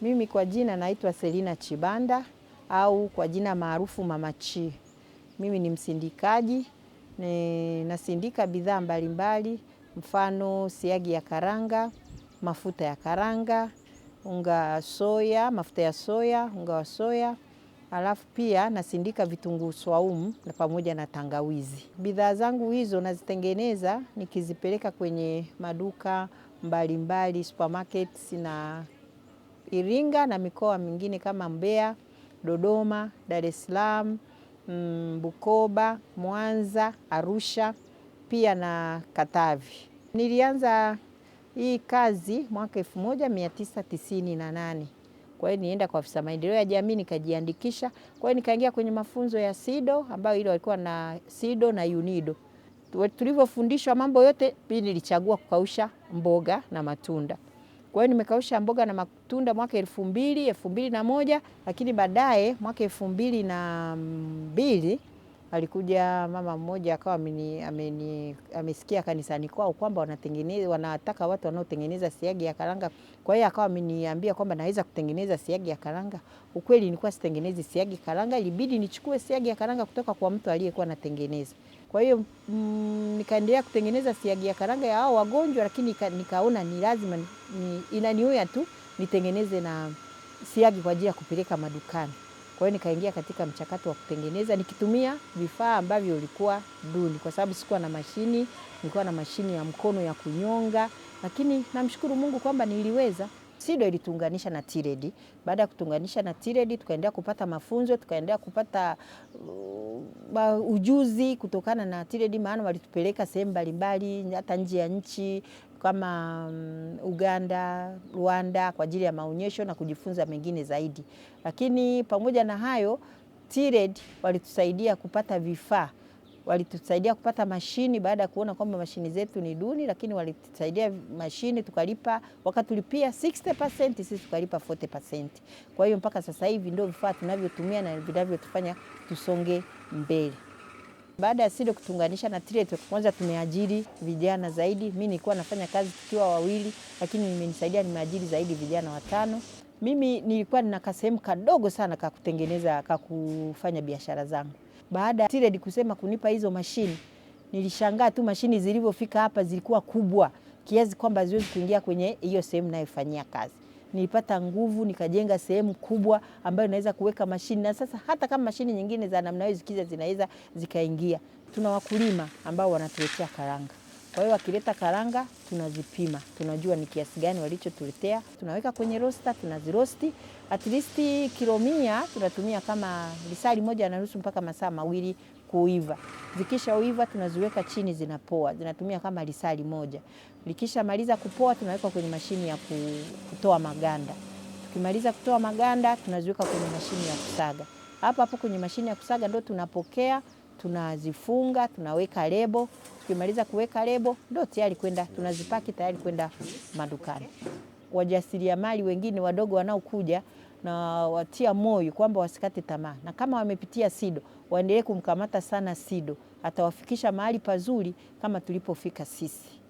Mimi kwa jina naitwa Selina Chibanda au kwa jina maarufu Mama Chi. Mimi ni msindikaji, ni nasindika bidhaa mbalimbali, mfano siagi ya karanga, mafuta ya karanga, unga soya, mafuta ya soya, unga wa soya. Alafu pia nasindika vitunguu swaumu na pamoja na tangawizi. Bidhaa zangu hizo nazitengeneza nikizipeleka kwenye maduka mbalimbali, supermarkets na Iringa na mikoa mingine kama Mbeya, Dodoma, Dar es Salaam, mm, Bukoba, Mwanza, Arusha pia na Katavi. Nilianza hii kazi mwaka 1998. Kwa hiyo nienda kwa afisa maendeleo ya jamii nikajiandikisha. Kwa hiyo nikaingia kwenye mafunzo ya SIDO ambayo ile walikuwa na SIDO na UNIDO. Tulivyofundishwa mambo yote, mimi nilichagua kukausha mboga na matunda. Kwa hiyo nimekausha mboga na matunda mwaka elfu mbili elfu mbili na moja lakini baadaye mwaka elfu mbili na mbili alikuja mama mmoja akawa ameni, amesikia kanisani kwao kwamba wanatengeneza wanataka watu wanaotengeneza siagi ya karanga. Kwa hiyo akawa ameniambia kwamba naweza kutengeneza siagi ya karanga. Ukweli nilikuwa sitengenezi siagi karanga, ilibidi nichukue siagi ya karanga kutoka kwa mtu aliyekuwa anatengeneza. Kwa hiyo mm, nikaendelea kutengeneza siagi ya karanga ya hao wagonjwa, lakini nikaona ni lazima ni, inaniuya tu nitengeneze na siagi kwa ajili ya kupeleka madukani. Kwa hiyo nikaingia katika mchakato wa kutengeneza nikitumia vifaa ambavyo ulikuwa duni, kwa sababu sikuwa na mashini, nilikuwa na mashini ya mkono ya kunyonga, lakini namshukuru Mungu kwamba niliweza. SIDO ilituunganisha na TIRED. Baada ya kutuunganisha na TIRED, tukaendelea kupata mafunzo, tukaendelea kupata uh, ujuzi kutokana na TIRED, maana walitupeleka sehemu mbalimbali hata nje ya nchi kama um, Uganda, Rwanda kwa ajili ya maonyesho na kujifunza mengine zaidi. Lakini pamoja na hayo TIRED walitusaidia kupata vifaa walitusaidia kupata mashini baada ya kuona kwamba mashini zetu ni duni, lakini walitusaidia mashini tukalipa, wakati tulipia 60% sisi tukalipa 40%. Kwa hiyo mpaka sasa hivi ndio vifaa tunavyotumia na vinavyotufanya tusonge mbele. Baada ya SIDO kutunganisha na TRETWET, kwanza tumeajiri vijana zaidi. Mimi nilikuwa nafanya kazi tukiwa wawili, lakini nimenisaidia, nimeajiri zaidi vijana watano. Mimi nilikuwa nina kasehemu kadogo sana ka kutengeneza, ka kufanya biashara zangu. Baada ya TIRED kusema kunipa hizo mashini, nilishangaa tu mashini zilivyofika hapa zilikuwa kubwa kiasi kwamba ziwezi kuingia kwenye hiyo sehemu nayofanyia kazi. Nilipata nguvu nikajenga sehemu kubwa ambayo naweza kuweka mashini, na sasa hata kama mashini nyingine za namna hiyo zikija zinaweza zikaingia. Tuna wakulima ambao wanatuletea karanga. Kwa hiyo wakileta karanga tunazipima, tunajua ni kiasi gani walichotuletea, tunaweka kwenye rosta, tunazirosti at least kilo mia, tunatumia kama lisali moja na nusu mpaka masaa mawili kuiva. Zikisha uiva tunaziweka chini, zinapoa, zinatumia kama lisali moja. Likishamaliza kupoa, tunaweka kwenye mashini ya kutoa maganda. Tukimaliza kutoa maganda, tunaziweka kwenye mashini ya kusaga. Hapa hapo kwenye mashini ya kusaga ndo tunapokea tunazifunga, tunaweka lebo. Tukimaliza kuweka lebo, ndio tayari kwenda, tunazipaki tayari kwenda madukani. Wajasiriamali wengine wadogo wanaokuja na watia moyo kwamba wasikate tamaa, na kama wamepitia SIDO waendelee kumkamata sana SIDO, atawafikisha mahali pazuri kama tulipofika sisi.